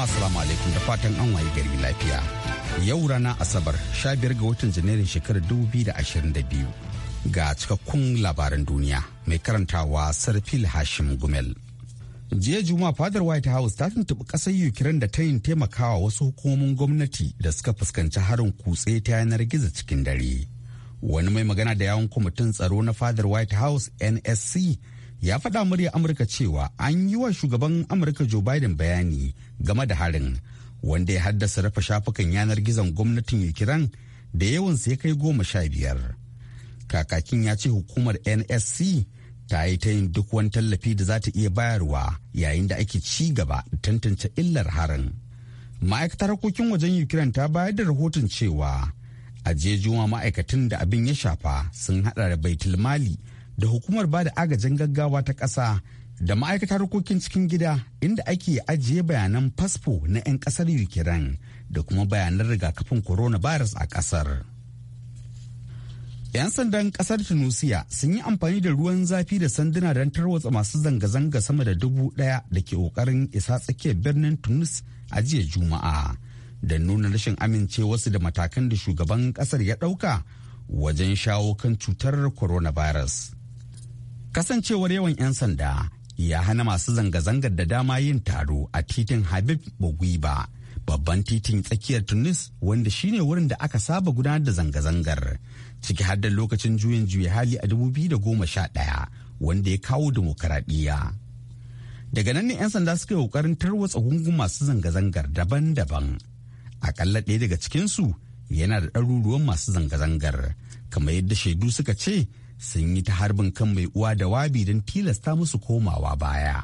jama'a salamu alaikum da fatan an waye gari lafiya. Yau rana Asabar sha biyar ga watan Janairun shekarar 2022 ga cikakkun labaran duniya mai karantawa Sarfil Hashim Gumel. Jiya Juma'a fadar White House ta tuntuɓi ƙasar Ukraine da ta yin taimakawa wasu hukumomin gwamnati da suka fuskanci harin kutse ta yanar gizo cikin dare. Wani mai magana da yawon kwamitin tsaro na fadar White House NSC ya faɗa murya amurka cewa an yi wa shugaban amurka joe biden bayani game da harin wanda ya haddasa rufe shafukan yanar gizon gwamnatin ukraine da yawan ya kai goma sha biyar kakakin ya ce hukumar nsc ta yi ta yin duk wani tallafi da za ta iya bayarwa yayin da ake ci gaba da tantance illar harin ma'aikatar harkokin wajen ukraine ta bayar da rahoton cewa a jejuma ma'aikatan da abin ya shafa sun hada da baitulmali. da hukumar ba da agajin gaggawa ta ƙasa da ma'aikatar harkokin cikin gida inda ake ajiye bayanan fasfo na 'yan ƙasar yukiran da kuma bayanan rigakafin coronavirus a ƙasar. 'yan sandan ƙasar tunisia sun yi amfani da ruwan zafi da sanduna don tarwatsa masu zanga-zanga sama da dubu daya da ke ƙoƙarin isa tsakiyar birnin tunis a jiya juma'a da nuna rashin amince wasu da matakan da shugaban ƙasar ya ɗauka wajen shawo kan cutar coronavirus Kasancewar yawan 'yan sanda ya hana masu zanga-zangar da dama yin taro a titin Habib Boguiba, babban titin tsakiyar Tunis wanda shine wurin da aka saba gudanar da zanga-zangar, ciki har da lokacin juyin juya hali a 2011 wanda ya kawo demokaradiyya. Daga nan ne 'yan sanda suka yi kokarin tarwatsa gungun masu zanga-zangar daban-daban. Akalla ɗaya daga cikinsu yana da ɗaruruwan masu zanga-zangar, kamar yadda shaidu suka ce sun yi ta harbin kan mai uwa da wabi don tilasta musu komawa baya.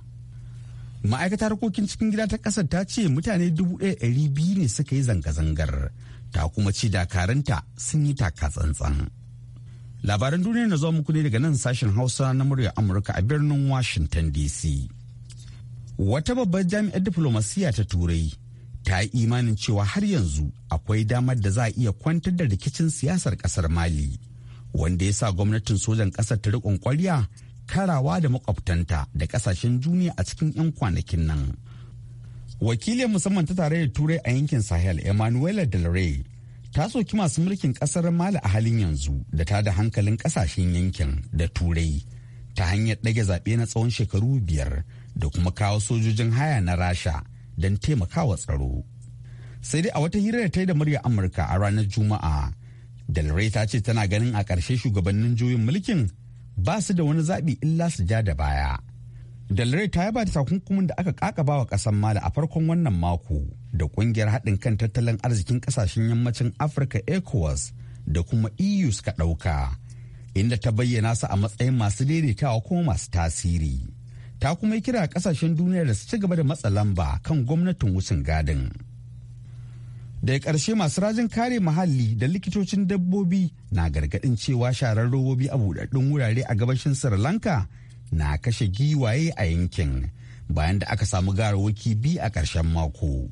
Ma'aikatar harkokin cikin gida ta ƙasar ta ce mutane biyu ne suka yi zanga-zangar, ta kuma ce dakaranta sun yi taka tsantsan. Labaran duniya na zuwa muku ne daga nan sashen Hausa na muryar Amurka a birnin Washington DC. Wata babbar jami'ar diflomasiyya ta Turai ta yi imanin cewa har yanzu akwai damar da za a iya kwantar da rikicin siyasar kasar Mali. wanda ya sa gwamnatin sojan ƙasar ta riƙon ƙwarya karawa da makwabtanta da ƙasashen duniya a cikin 'yan kwanakin nan. Wakilin musamman ta tarayyar Turai a yankin Sahel emmanuel Del Rey ta soki masu mulkin ƙasar Mali a halin yanzu da ta da hankalin ƙasashen yankin da Turai ta hanyar ɗage zaɓe na tsawon shekaru biyar da kuma kawo sojojin haya na Rasha don taimakawa tsaro. Sai dai a wata hira da ta yi da murya Amurka a ranar Juma'a Del Rey ta ce tana ganin a ƙarshe shugabannin juyin mulkin ba su da wani zaɓi illa su ja da baya. Del Rey ta yaba da takunkumin da aka ƙaƙaba wa ƙasar Mali a farkon wannan mako da ƙungiyar haɗin kan tattalin arzikin ƙasashen yammacin Afirka ECOWAS da kuma EU suka ɗauka. Inda ta bayyana su a matsayin masu daidaitawa kuma masu tasiri. Ta kuma yi kira ƙasashen duniya da su ci gaba da matsa lamba kan gwamnatin wucin gadin. daga ƙarshe masu rajin kare muhalli da likitocin dabbobi na gargaɗin cewa sharar robobi a buɗaɗɗun wurare a gabashin sri lanka na kashe giwaye a yankin bayan da aka samu garawaki bi a ƙarshen mako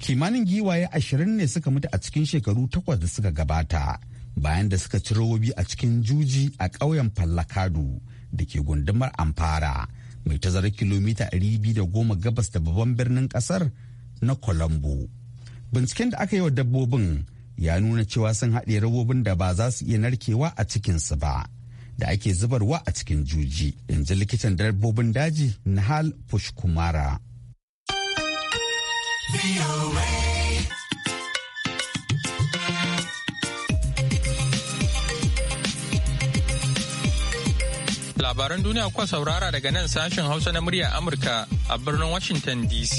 kimanin giwaye ashirin ne suka mutu a cikin shekaru takwas da suka gabata bayan da suka ci robobi a cikin juji a ƙauyen fallakadu da ke gundumar amfara mai tazarar kilomita 210 gabas da babban birnin ƙasar na colombo binciken da aka yi wa dabbobin ya nuna cewa sun haɗe rabobin da ba za su iya narkewa a cikinsu ba da ake zubarwa a cikin juji in likitan dabbobin daji nahal pushkumara labaran duniya kuwa saurara daga nan sashen hausa na murya amurka a birnin washington dc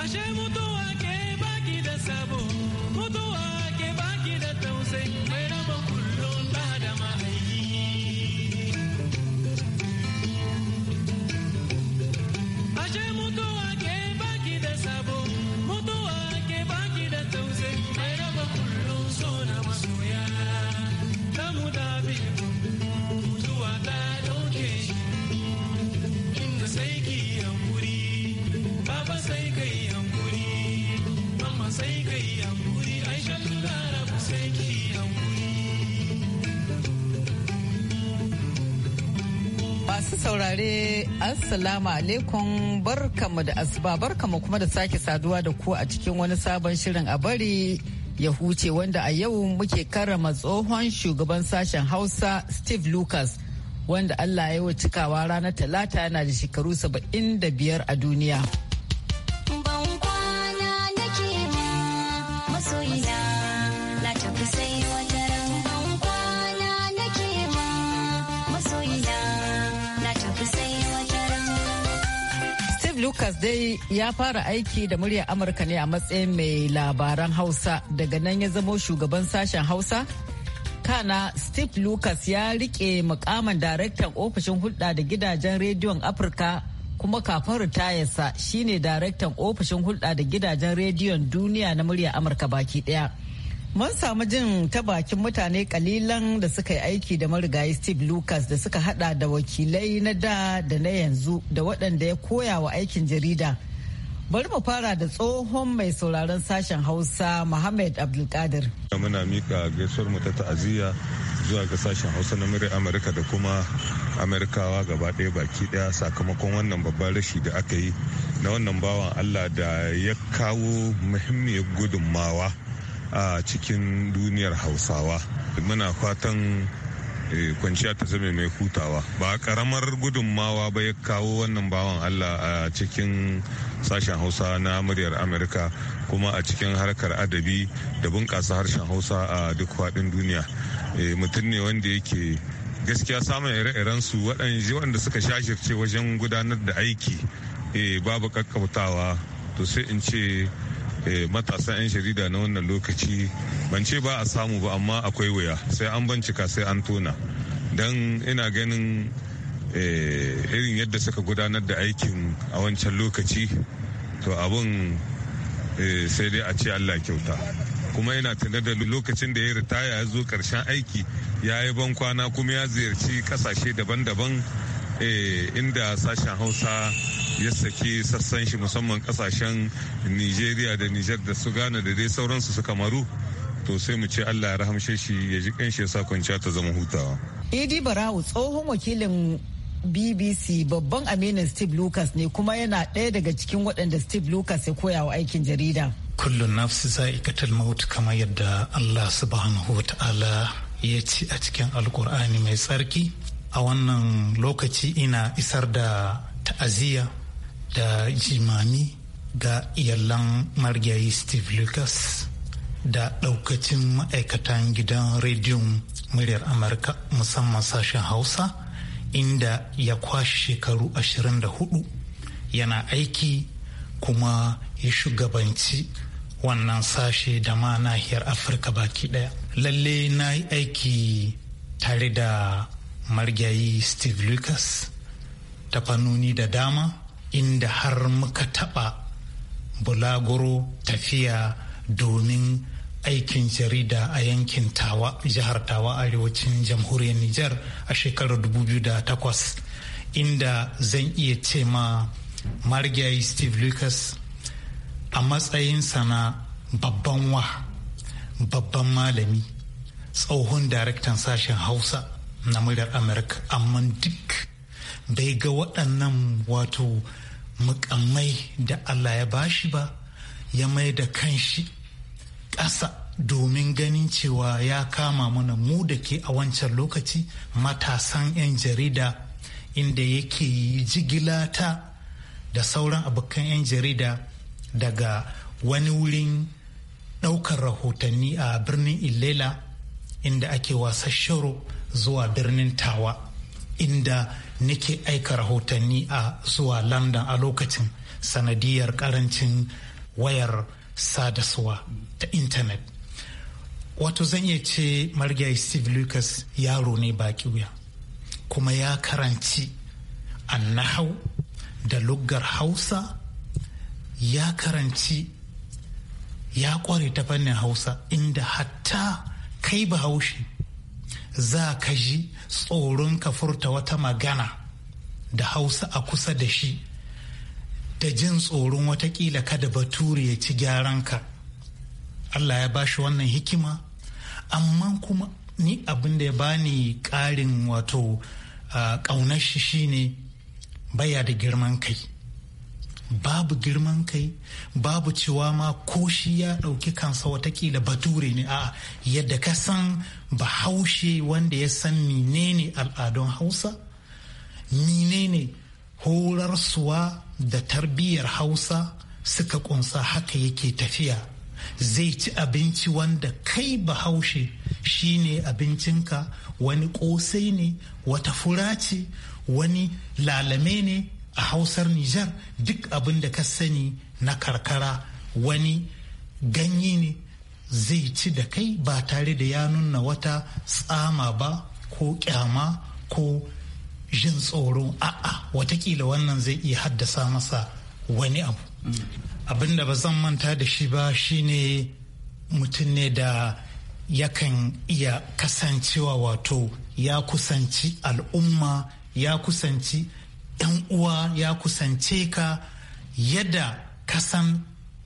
ashe mutuwa ke baki da sabo mutuwa ke baki da tausayi Assalamu alaikum barkamu da asuba barkamu kuma da sake saduwa da ku a cikin wani sabon shirin a bari ya huce wanda a yau muke karrama tsohon shugaban sashen Hausa Steve Lucas wanda Allah ya yi wa cikawa ranar talata yana da shekaru 75 a duniya. Lucas dai ya fara aiki da muryar Amurka ne a matsayin mai labaran Hausa daga nan ya zamo shugaban sashen Hausa. Kana Steve Lucas ya rike mukamin daraktan ofishin hulɗa da gidajen rediyon Afirka kuma kafin ritayarsa shine daraktan ofishin hulɗa da gidajen rediyon duniya na muryar Amurka baki ɗaya. Mun samu jin ta bakin mutane kalilan da suka yi aiki da marigayi Steve Lucas da suka hada da wakilai na da da na yanzu da waɗanda ya koya wa aikin jarida. Bari mu fara da tsohon mai sauraron sashen Hausa Muhammad Abdulkadir. Muna mika gaisuwar mu ta ta'aziyya zuwa ga sashen Hausa na muryar Amurka da kuma Amerikawa gaba ɗaya baki ɗaya sakamakon wannan babban rashi da aka yi na wannan bawan Allah da ya kawo muhimmiyar gudunmawa. a cikin duniyar hausawa muna fatan eh, kwanciya ta zame mai hutawa ba karamar gudunmawa ba ya kawo wannan bawan allah a cikin sashen hausa na muryar amurka kuma a cikin harkar adabi da bunƙasa harshen hausa a duk faɗin duniya eh, mutum ne wanda yake gaskiya samun ire-iren su waɗanda suka shashirce wajen gudanar da aiki eh, babu kakkautawa to sai in ce Eh, matasan 'yan jarida na wannan lokaci ban ce ba a samu ba amma akwai wuya sai an bincika sai an tona don ina ganin eh, irin yadda suka gudanar da aikin a wancan lokaci to abin eh, sai dai a ce allah kyauta kuma yana tunar da lokacin da ya ritaya ya zo karshen aiki ya yi ban kwana kuma ya ziyarci kasashe daban-daban inda sashen hausa ya saki sassan shi musamman kasashen nigeria da niger da su ghana da dai sauransu su kamaru to sai mu ce allah ya rahamshe shi ya ji kanshi ya sa kwanciya ta zama hutawa idi barawu tsohon wakilin bbc babban aminin steve lucas ne kuma yana ɗaya daga cikin waɗanda steve lucas ya koya wa aikin jarida kullum nafsi za'ikatul maut kamar yadda allah subhanahu wa ta'ala ya ci a cikin alkur'ani mai tsarki a wannan lokaci ina isar da ta'aziyya da jimami ga iyalan marigayi steve lucas da daukacin ma'aikatan gidan rediyon muryar amurka musamman sashen hausa inda ya kwashe shekaru 24 yana aiki kuma ya shugabanci wannan sashe da ma nahiyar afirka baki daya lalle na yi aiki tare da margayi steve lucas ta fannoni da dama inda har muka taɓa bulaguro tafiya domin aikin jarida a yankin tawa jihar tawa arewacin jamhuriyar Nijar a shekarar da takwas. inda zan iya ce ma marigayi steve lucas a matsayinsa na babban wa babban malami tsohon daraktan sashen hausa na muryar amurka amma duk bai ga waɗannan wato mukammai da Allah ya bashi ba ya mai da kanshi ƙasa domin ganin cewa ya kama mana mu da ke a wancan lokaci matasan 'yan jarida inda yake yi jigila da sauran abokan 'yan jarida daga wani wurin ɗaukar rahotanni a birnin ilela inda ake wasa shiro zuwa birnin tawa inda nake aika rahotanni a zuwa london a lokacin sanadiyar karancin wayar sadaswa ta intanet wato zan iya ce marigayi steve lucas yaro ne baki wuya kuma ya karanci annahau da luggar hausa ya karanci ya kware ta fannin hausa inda hatta kai bahaushe za ka ji tsoron ka furta wata magana da hausa a kusa da shi da jin tsoron watakila kada bature ya ci gyaran ka. allah ya ba shi wannan hikima amma kuma ni abin da ya bani ƙarin wato ah, ƙaunar shi shine baya da girman kai babu girman kai babu cewa ma ko shi ya ɗauki kansa watakila bature ne a yadda ka san bahaushe wanda ya san menene al'adun hausa menene horarsuwa da tarbiyyar hausa suka kunsa haka yake tafiya zai ci abinci wanda kai bahaushe shine abincinka wani ƙosai ne wata fura ce wani lalame ne a hausar Nijar duk abin da ka sani na karkara wani ganye ne zai ci da kai ba tare da ya nuna wata tsama ba ko kyama ko jin tsoron a'a watakila wannan zai iya haddasa masa wani abu abin da ba zan manta da shi ba shine mutum ne da yakan iya kasancewa wato ya kusanci al'umma ya kusanci ɗan uwa ya kusance ka yadda kasan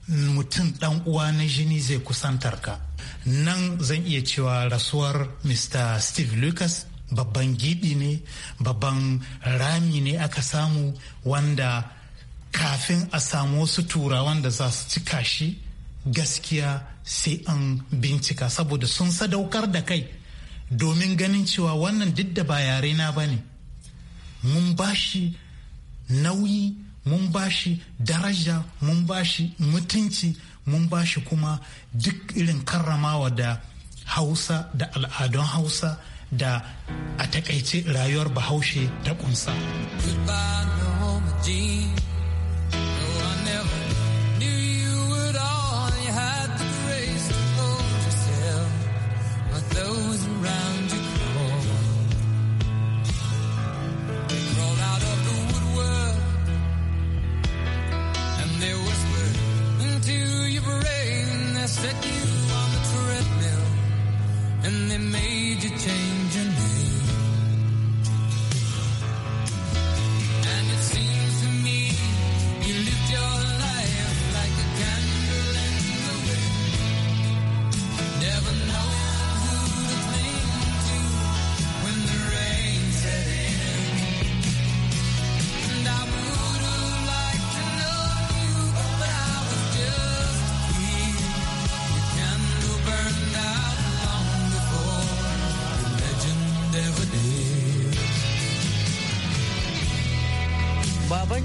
mutum ɗan uwa na jini zai kusantar ka nan zan iya cewa rasuwar mr steve lucas babban gidi ne babban rami ne aka samu wanda kafin a samu wasu tura wanda za su cika shi gaskiya sai an bincika saboda sun sadaukar da kai domin ganin cewa wannan duk da ba yare na ba ne mun bashi nauyi mun bashi daraja mun bashi mutunci mun bashi kuma duk irin karramawa da hausa da al'adun hausa da a takaice rayuwar bahaushe ta kunsa.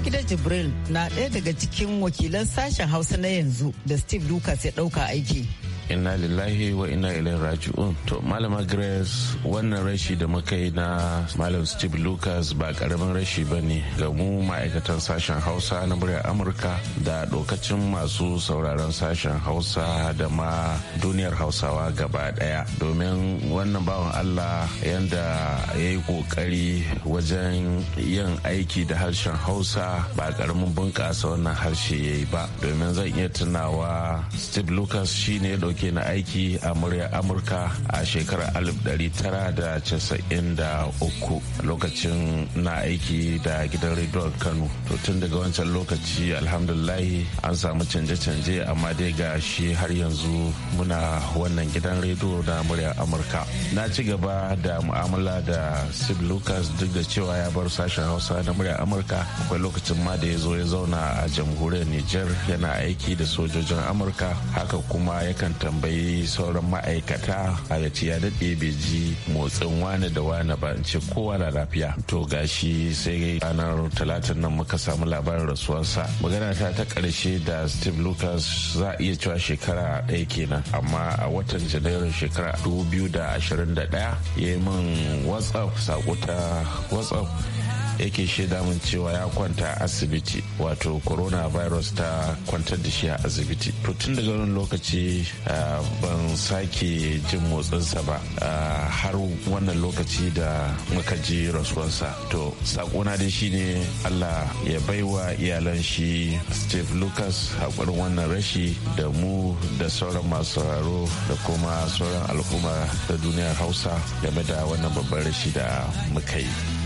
gidan Jibril na ɗaya daga cikin wakilan sashen Hausa na yanzu da Steve Lucas ya ɗauka aiki. inna lillahi wa inna ilai raji'un to malama grace wannan rashi da muka yi na malam steve lucas ba karamin rashi ba ne ga mu ma'aikatan sashen hausa na muryar amurka da dokacin masu sauraron sashen hausa da ma duniyar hausawa gaba daya domin wannan bawan allah yanda ya yi kokari wajen yin aiki da harshen hausa ba karamin bunƙasa wannan harshe ya yi ba domin zan iya tunawa steve lucas shine ya yake na aiki a murya amurka a shekarar 1993 lokacin na aiki da gidan rediyon kano to tun daga wancan lokaci alhamdulahi an samu canje-canje amma dai ga shi har yanzu muna wannan gidan rediyo na murya amurka na ci gaba da mu'amala da sib lucas duk da cewa ya bar sashen hausa na murya amurka akwai lokacin ma da ya zo ya zauna a jamhuriyar niger yana aiki da sojojin amurka haka kuma yakan tambayi sauran ma'aikata a ya ya daɗe bai ji motsin wane da wane ba ce kowa na lafiya to gashi sai ranar talatin nan muka samu labarin rasuwarsa magana ta ta ƙarshe da steve lucas za a iya cewa shekara ɗaya kenan amma a watan janairun shekara ashirin 2021 ya yi min whatsapp sako ta whatsapp yake shaida min cewa ya kwanta a asibiti wato corona virus ta kwantar da shi a asibiti to tun daga wani lokaci ban sake jin motsinsa ba har wannan lokaci da muka ji sa to sakona dai shine allah ya baiwa iyalan shi steve lucas haƙurin wannan rashi da mu da sauran masu sauraro da kuma sauran al'umma ta duniyar hausa game da wannan babban rashi da muka yi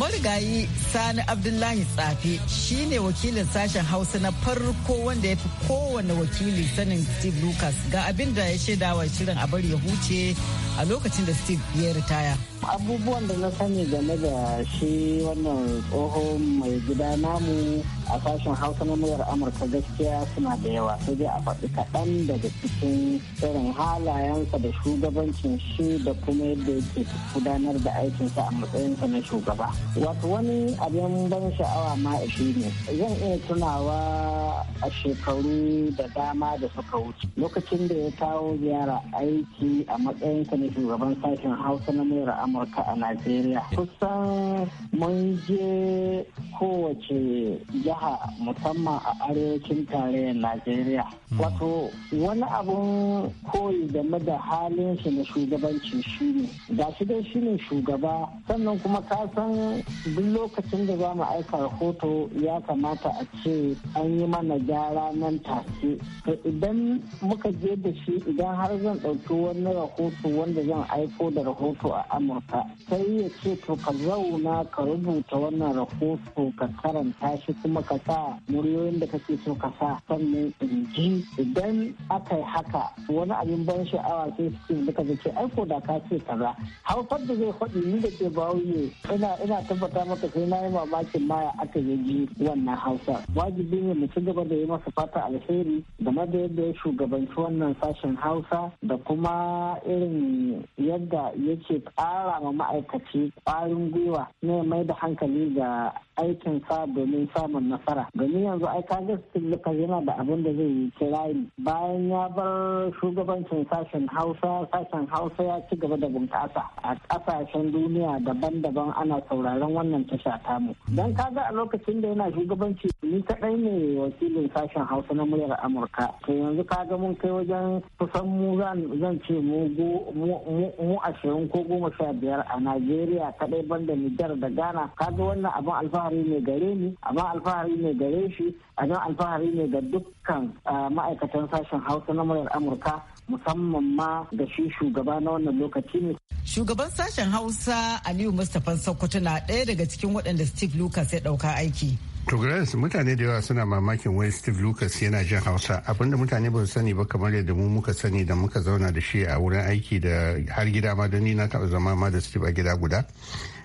marigayi sani abdullahi tsafe shine wakilin sashen hausa na farko wanda ya fi kowane wakili sanin steve lucas ga abin da ya shaidawa shirin a bari ya huce a lokacin da steve ya ritaya abubuwan da na sani game da shi wannan tsohon mai gida namu a sashen hausa na muryar amurka gaskiya suna da yawa sai dai a faɗi kaɗan daga cikin irin halayensa da shugabancin shi da kuma yadda yake gudanar da aikinsa a matsayinsa na shugaba wato wani abin ban sha'awa ma shi ne zan iya tunawa a shekaru da dama da suka wuce lokacin da ya kawo ziyara aiki a matsayinsa na shugaban sashen hausa na muryar amurka a najeriya kusan mun je kowace jiha jiha musamman a arewacin tarayyar najeriya hmm. wato wani abun koyi game da halin shi na shugabanci shine ga shi dai shi ne shugaba sannan kuma ka san duk lokacin da za mu aika rahoto ya kamata a ce an yi mana gyara nan take to idan muka je da shi idan har zan ɗauki wani rahoto wanda zan aiko da rahoto a amurka sai ya ce to ka zauna ka rubuta wannan rahoto ka karanta shi kuma kuma ka sa muryoyin da kake so ka sa sannan in ji idan aka yi haka wani abin ban sha'awa sai su ce duka da aiko da ka ce kaza haifar da zai faɗi ni da ke bawuye ina ina tabbata maka sai na yi mamakin maya aka yi ji wannan hausa wajibi ne mu ci gaba da yi masa fata alheri game da yadda ya shugabanci wannan sashen hausa da kuma irin yadda yake ƙara ma ma'aikaci ƙwarin gwiwa ne mai da hankali ga Aikin sa domin samun nasara domin yanzu ai ka kaga lukas yana da abin da zai yi kirayi bayan ya bar shugabancin sashen hausa sashen hausa ya ci gaba da bunƙasa a ƙasashen duniya daban-daban ana sauraron wannan tasha ta mu don ga a lokacin da yana shugabanci ni kaɗai ne wakilin sashen hausa na muryar amurka to yanzu ka ga mun kai wajen kusan mu zan ce mu ashirin ko goma sha biyar a najeriya kaɗai banda nijar da ghana Ka ga wannan abin alfahari alfahari ne gare ni abin alfahari ne gare shi abin alfahari ne ga dukkan ma'aikatan sashen hausa na muryar amurka musamman ma da shi shugaba na wannan lokaci ne shugaban sashen hausa aliyu mustapha sokoto na ɗaya daga cikin waɗanda steve lucas ya ɗauka aiki To Grace mutane da yawa suna mamakin wai Steve Lucas yana jin Hausa abinda mutane ba su sani ba kamar yadda mu muka sani da muka zauna da shi a wurin aiki da har gida ma don ni na taɓa zama ma da Steve a gida guda.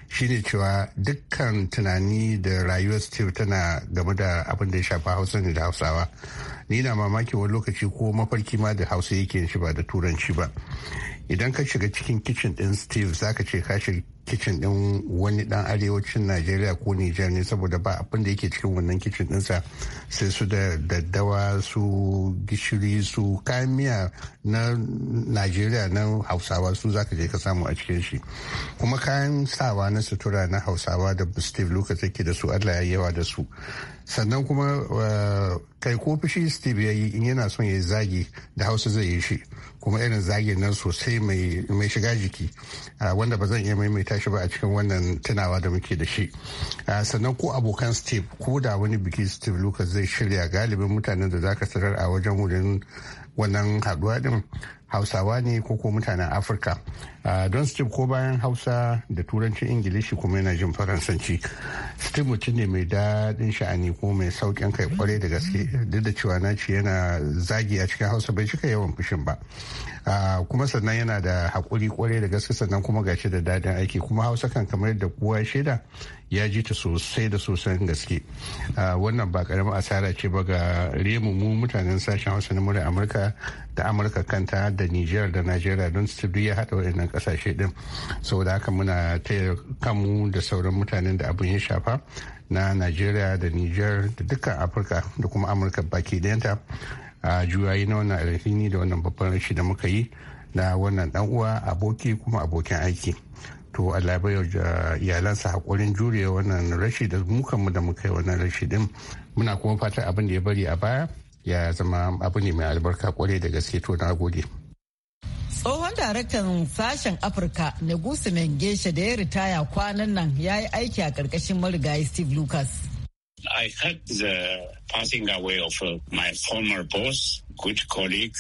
shine cewa dukkan tunani da rayuwar steve tana game da abin da ya shafa hausa ne da hausawa ni na mamaki wani lokaci ko mafarki ma da hausa yake shi ba da turanci ba idan ka shiga cikin kicin din steve zaka ce ka shiga kicin din wani dan arewacin najeriya ko nijar ne saboda ba abin da yake cikin wannan kicin dinsa sai su da daddawa su gishiri su kayan miya na najeriya na hausawa su zaka je ka samu a cikin shi kuma kayan sawa na sutura na hausawa da steve lucas yake da su allah ya yawa da su sannan kuma eh, kai ko fushi steve ya yi in yana son ya yi zagi da hausa zai yi shi kuma irin zagin nan sosai mai shiga jiki eh, wanda ba zan iya maimaita manta shi ba a cikin wannan tunawa da muke da shi sannan ko abokan steve ko da wani biki steve lucas zai shirya galibin mutanen da za ka sarar a wajen wurin wannan haduwa din hausawa ne ko ko mutanen afirka don steve ko bayan hausa da turancin ingilishi kuma yana jin faransanci steve mutum ne mai daɗin sha'ani ko mai sauƙin kai kwarai da gaske duk da cewa na ce yana zagi a cikin hausa bai cika yawan fushin ba kuma sannan yana da haƙuri kwarai da gaske sannan kuma gashi da daɗin aiki kuma hausa kan kamar yadda kowa shaida ya ji ta sosai da sosai gaske wannan ba karamin asara ce ba ga remu mu mutanen sashen hausa na murar amurka da amurka kanta da niger da nigeria don su ya haɗa waɗannan ƙasashe ɗin saboda haka muna taya kanmu da sauran mutanen da abin ya shafa na nigeria da niger da dukkan afirka da kuma amurka baki ɗayanta a juyayi na wannan alhini da wannan babban rashi da muka yi na wannan dan uwa aboki kuma abokin aiki to Allah bai iyalansa hakurin jure wannan rashi da mu da muka yi wannan rashi ɗin muna kuma fatan abin da ya bari a baya ya zama abu ne mai albarka kwarai da gaske to na gode. Tsohon daraktan sashen Afirka na Gusumen da ya ritaya kwanan nan ya yi aiki a ƙarƙashin marigayi Steve Lucas. I had the passing away of uh, my former boss, good colleague,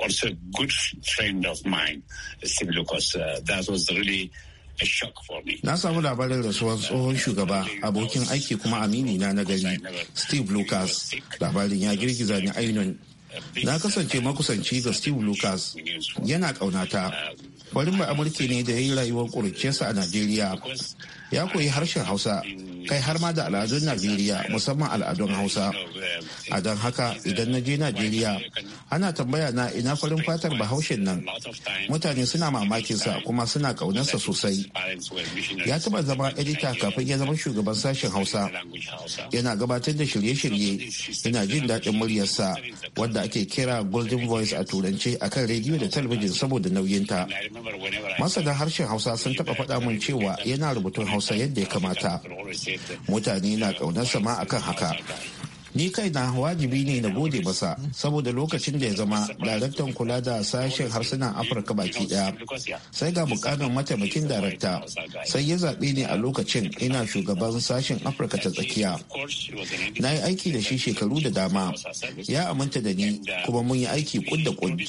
also good friend of mine, Steve Lucas. Uh, that was really Na samu labarin rasuwar tsohon shugaba abokin aiki kuma amini na nagari Steve Lucas labarin ya girgiza ni ainihin. Na kasance makusanci ga Steve Lucas yana ƙaunata. Farin ba ne da ya yi rayuwar ƙuruciyarsa a Najeriya. ya koyi harshen hausa kai har ma da al'adun najeriya musamman al'adun hausa a don haka idan na je najeriya ana tambaya na ina farin fatar bahaushen nan mutane suna mamakin sa kuma suna kaunarsa sosai ya taba zama edita kafin ya zama shugaban sashen hausa yana gabatar da shirye-shirye yana jin daɗin muryarsa wanda ake kira golden voice a turance akan rediyo da talabijin saboda nauyinta masana harshen hausa sun taɓa faɗa min cewa yana rubutun hausa yadda ya kamata mutane na ƙaunarsa ma akan haka ni kai na wajibi ne na gode masa saboda lokacin da ya zama daraktan kula da sashen harsunan afirka baki daya sai ga mukamin mataimakin darakta sai ya zaɓe ni a lokacin ina shugaban sashen afirka ta tsakiya na yi aiki da shi shekaru da dama ya aminta da ni kuma mun yi aiki kud da kud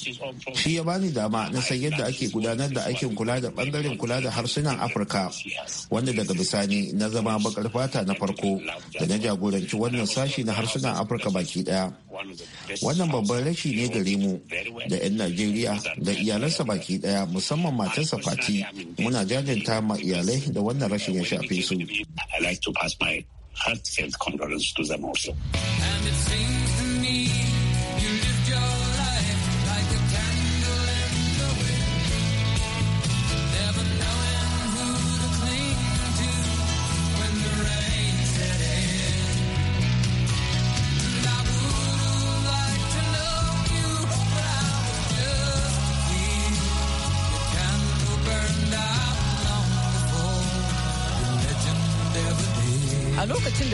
shi ya bani dama na san yadda ake gudanar da aikin kula da bangaren kula da harsunan afirka wanda daga bisani na zama bakar fata na farko da na jagoranci wannan sashi na harsunan harsunan afirka baki daya wannan babban rashi ne gare mu da 'yan najeriya da iyalansa baki daya musamman matarsa fati muna jajanta ma iyalai da wannan rashin ya shafe su heartfelt condolence to them also. And it seems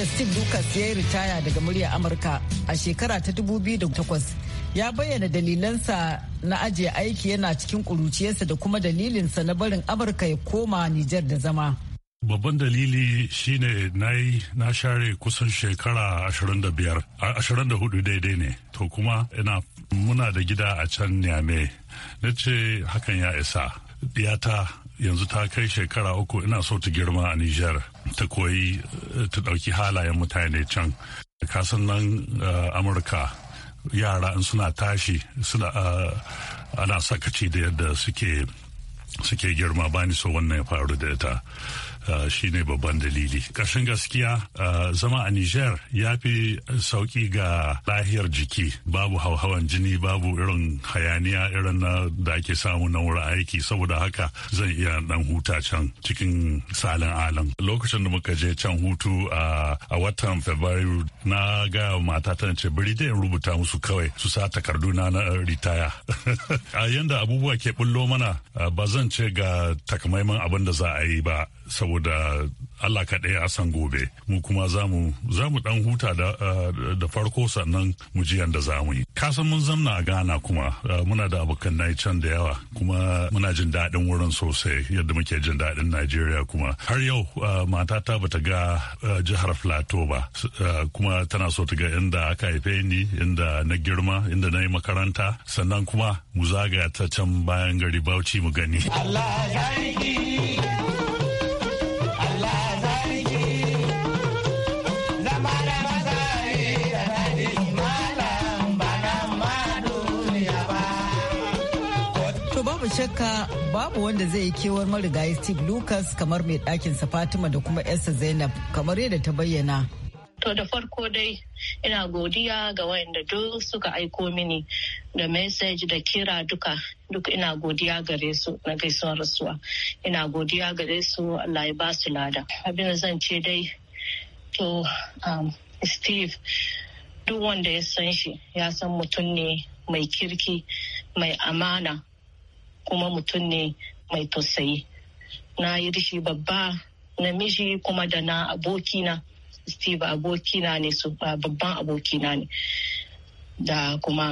da steve lucas ya yi ritaya daga murya amurka a shekara ta 2008 ya bayyana dalilansa na ajiye aiki yana cikin kuruciyarsa da kuma dalilinsa na barin amurka ya koma nijar da zama babban dalili shine na yi na share kusan shekara 25 24 daidai ne to kuma ina muna da gida a can niamey na ce hakan ya isa diyata yanzu ta kai shekara uku ina so ta girma a Nijar ta koyi eh, ta ɗauki halayen mutane can. Kasan nan eh, Amurka yara in suna tashi suna eh, ana sakaci da yadda suke suke girma bani so wannan ya faru da ita. Eh, shine babban dalili ƙarshen gaskiya eh, zama a niger ya fi sauki ga lahiyar jiki babu hauhawan jini babu irin hayaniya irin na da ake samu na wurin aiki saboda haka zan iya dan huta can cikin salin alam lokacin da muka je can hutu eh, a watan fabrairu na ga mata ta ce bari dai rubuta musu kawai su sa takardu na ritaya a yanda abubuwa ke bullo mana ba zan ce ga takamaiman abin da za a yi ba da Allah kaɗai a san gobe mu kuma za mu ɗan huta da farko sannan mu ji yanda za mu yi kasan mun zamna a gana kuma muna da abokan nai can da yawa kuma muna jin daɗin wurin sosai yadda muke jin daɗin Najeriya kuma har yau matata bata ga jihar Plateau ba kuma tana so ta ga inda aka haife ni inda na girma inda na yi makaranta sannan kuma mu zagaya ta can bayan gari Bauchi mu gani Allah babu wanda zai yi kewar marigayi Steve Lucas kamar mai ɗakinsa Fatima da kuma yarsa Zainab kamar yadda ta bayyana. To da farko dai ina godiya ga wayanda duk suka aiko mini da message da kira duka duk ina godiya gare su na gaisuwar rasuwa. Ina godiya gare su Allah ya ba lada. Abin da zan ce dai to um, Steve duk wanda ya san shi ya san mutum ne mai kirki mai amana kuma mutum ne mai tausayi na yi rishi babba namiji kuma da na abokina steve abokina ne su babban abokina ne da kuma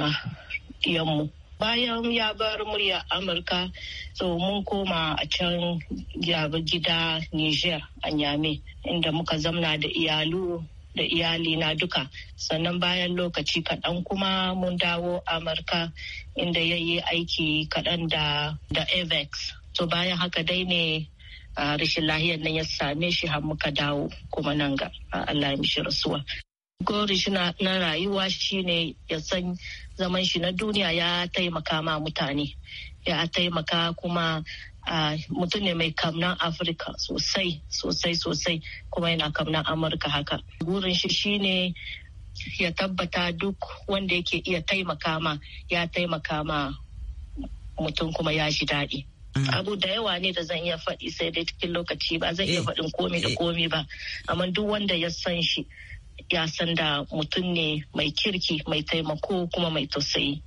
mu. bayan ya bar murya amurka so mun koma a can gida niger a nyame inda muka zamna da iyalu da iyalina duka sannan bayan lokaci kaɗan kuma mun dawo amurka inda ya yi aiki kaɗan da da avex to bayan haka dai ne a rashin lahiyar nan ya same shi har muka dawo kuma nan ga allah mishi rasuwa gori na rayuwa shine ya san zaman shi na duniya ya taimaka ma mutane ya taimaka kuma mutum ne mai kamnan afirka sosai sosai sosai kuma yana kamnan amurka haka gurin shi shine ya tabbata duk wanda yake iya taimaka ma ya taimaka ma mutum kuma ya shi daɗi mm. abu da yawa ne da zan iya faɗi sai dai cikin lokaci ba zan iya eh. faɗin komi da eh. komi ba amma duk wanda ya san shi ya san da mutum ne mai kirki mai taimako kuma mai tausayi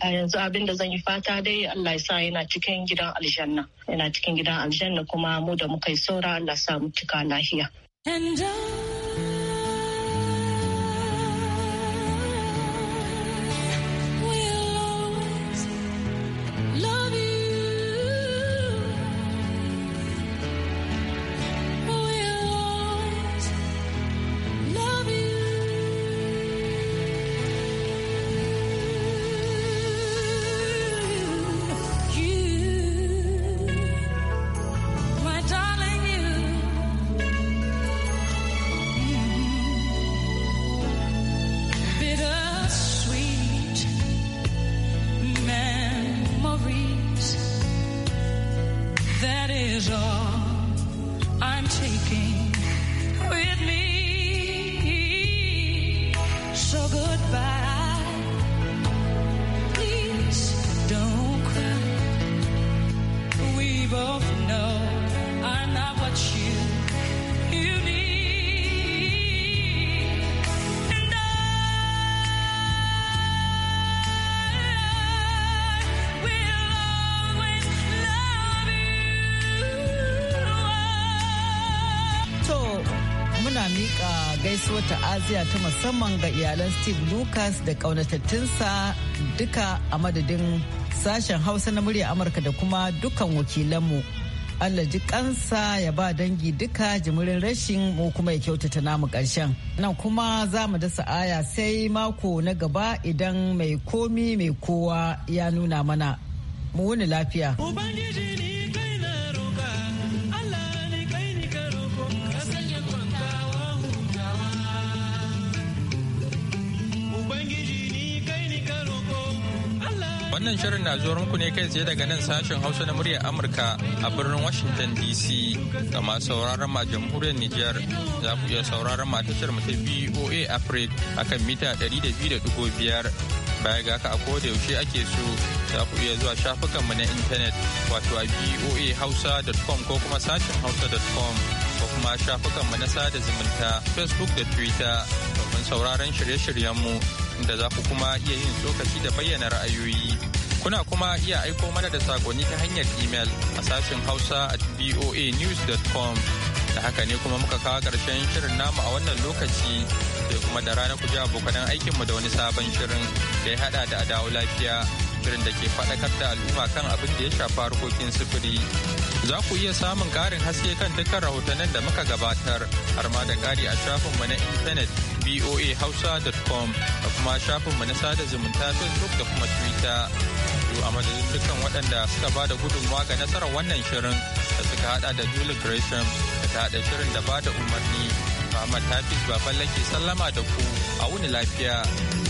a yanzu abin da zan yi fata dai Allah ya sa yana cikin gidan aljanna yana cikin gidan aljanna kuma mu da muka yi saura Allah sa mu cika lahiya. ta'aziya ta musamman ga iyalan Steve Lucas da ƙaunatattunsa duka a madadin sashen Hausa na murya Amurka da kuma dukkan wakilanmu. Allah ji kansa ya ba dangi duka jimirin rashin mu kuma ya kyautata namu karshen Nan kuma za mu dasa aya sai mako na gaba idan mai komi mai kowa ya nuna mana. Mu wuni lafiya. Wannan shirin na zuwa muku ne kai tsaye daga nan sashen Hausa na muryar Amurka a birnin Washington DC. Ga masu sauraron ma jamhuriyar Nijar za ku iya sauraron ma tashar mu ta VOA Africa a kan mita 200.5. Baya ga haka a koda yaushe ake so za ku iya zuwa shafukanmu na intanet wato a voahausa.com ko kuma sashen hausa.com ko kuma shafukanmu na sada zumunta Facebook da Twitter domin sauraron shirye-shiryenmu. da za ku kuma iya yin tsokaci da bayyana ra'ayoyi Kuna kuma iya aiko mana da sakonni ta hanyar imel a sashen Hausa at voanews.com. Da haka ne kuma muka kawo ƙarshen shirin namu a wannan lokaci sai kuma da rana ku ji abokan aikinmu da wani sabon shirin da ya hada da adawo lafiya shirin da ke faɗakar da al'umma kan abin da ya shafa harkokin sufuri. Za ku iya samun ƙarin haske kan dukkan rahotannin da muka gabatar har ma da ƙari a shafinmu na intanet voahausa.com da kuma shafinmu na sada zumunta facebook da kuma twitter yau a madadin dukkan waɗanda suka ba da gudunmawa ga nasarar wannan shirin da suka hada da julie gresham da ta hada shirin da ba da umarni Muhammad Hafiz lake sallama da ku a wuni lafiya.